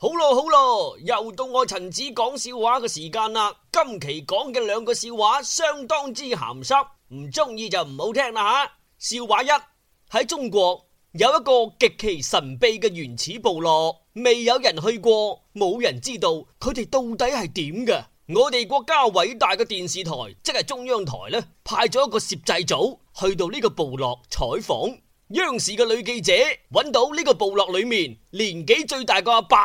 好咯，好咯，又到我陳子講笑話嘅時間啦。今期講嘅兩個笑話相當之咸濕，唔中意，就唔好聽啦吓。笑話一，喺中國有一個極其神秘嘅原始部落，未有人去過，冇人知道佢哋到底係點嘅。我哋國家偉大嘅電視台，即係中央台咧，派咗一個攝製組去到呢個部落採訪。央視嘅女記者揾到呢個部落裏面年紀最大個阿伯。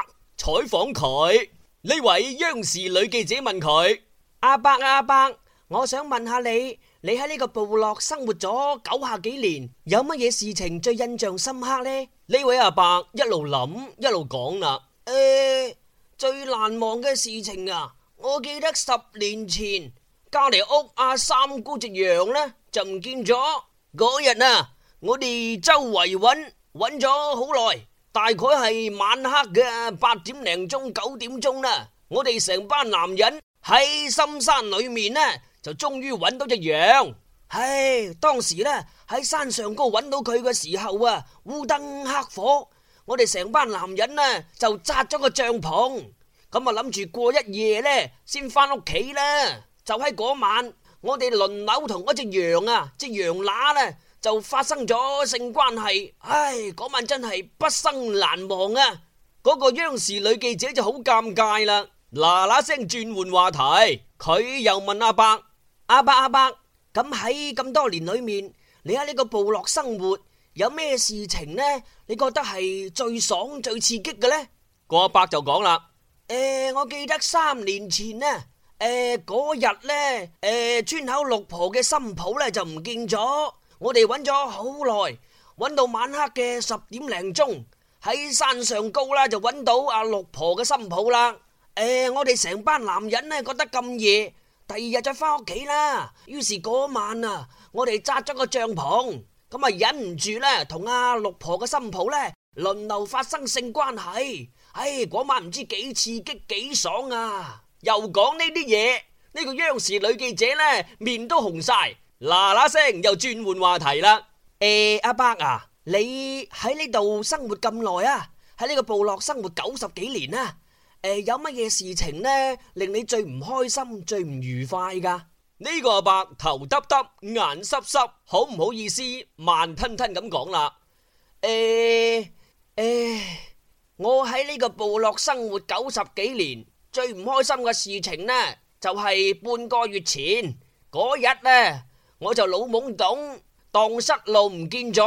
採訪佢，呢位央視女記者問佢：阿伯阿伯，我想問下你，你喺呢個部落生活咗九下幾年，有乜嘢事情最印象深刻呢？」呢位阿伯一路諗一路講啦，誒、呃，最難忘嘅事情啊，我記得十年前隔離屋阿三姑隻羊呢，就唔見咗，嗰日啊，我哋周圍揾揾咗好耐。大概係晚黑嘅八點零鐘九點鐘啦，我哋成班男人喺深山裏面呢，就終於搵到隻羊。唉，當時呢喺山上高搵到佢嘅時候啊，烏燈黑火，我哋成班男人呢就紮咗個帳篷，咁啊諗住過一夜呢先翻屋企啦。就喺嗰晚，我哋輪流同嗰隻羊啊，隻羊乸呢。就發生咗性關係，唉，嗰晚真係畢生難忘啊！嗰個央視女記者就好尷尬啦，嗱嗱聲轉換話題，佢又問阿伯，阿伯阿伯，咁喺咁多年裏面，你喺呢個部落生活有咩事情呢？你覺得係最爽最刺激嘅呢？嗰阿伯就講啦，誒，我記得三年前呢，誒嗰日呢，誒村口六婆嘅新抱呢就唔見咗。我哋搵咗好耐，搵到晚黑嘅十點零鐘，喺山上高啦就搵到阿六婆嘅新抱啦。誒，我哋成班男人呢，覺得咁夜，第二日再翻屋企啦。於是嗰晚啊，我哋紮咗個帳篷，咁啊忍唔住呢，同阿六婆嘅新抱呢，輪流發生性關係。唉，嗰晚唔知幾刺激幾爽啊！又講呢啲嘢，呢個央視女記者呢，面都紅晒。嗱嗱聲，又轉換話題啦。誒，阿伯啊，你喺呢度生活咁耐啊，喺呢個部落生活九十幾年啊。誒，有乜嘢事情呢，令你最唔開心、最唔愉快噶？呢個阿伯頭耷耷、眼濕濕，好唔好意思，慢吞吞咁講啦。誒誒，我喺呢個部落生活九十幾年，最唔開心嘅事情呢，就係半個月前嗰日呢。我就老懵懂，蕩失路唔見咗，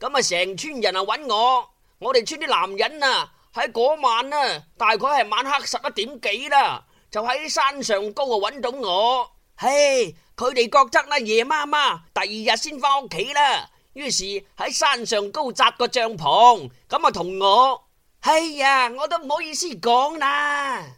咁啊，成村人啊揾我。我哋村啲男人啊，喺嗰晚啊，大概係晚黑十一點幾啦，就喺山上高啊揾到我。嘿，佢哋覺得呢夜媽媽第二日先返屋企啦，於是喺山上高紮個帳篷，咁啊同我。哎呀，我都唔好意思講啦。呢、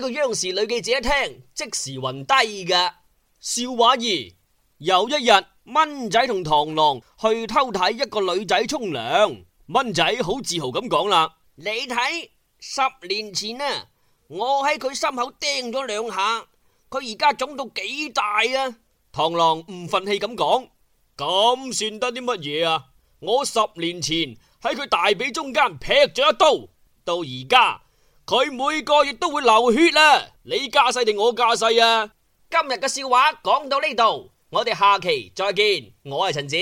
這個央視女記者一聽即時暈低噶。笑話二。有一日，蚊仔同螳螂去偷睇一個女仔沖涼。蚊仔好自豪咁講啦：你睇十年前啊，我喺佢心口叮咗兩下，佢而家腫到幾大啊！螳螂唔忿氣咁講：咁算得啲乜嘢啊？我十年前喺佢大髀中間劈咗一刀，到而家佢每個月都會流血啦。你架勢定我架勢啊？今日嘅笑話講到呢度。我哋下期再見，我係陳子。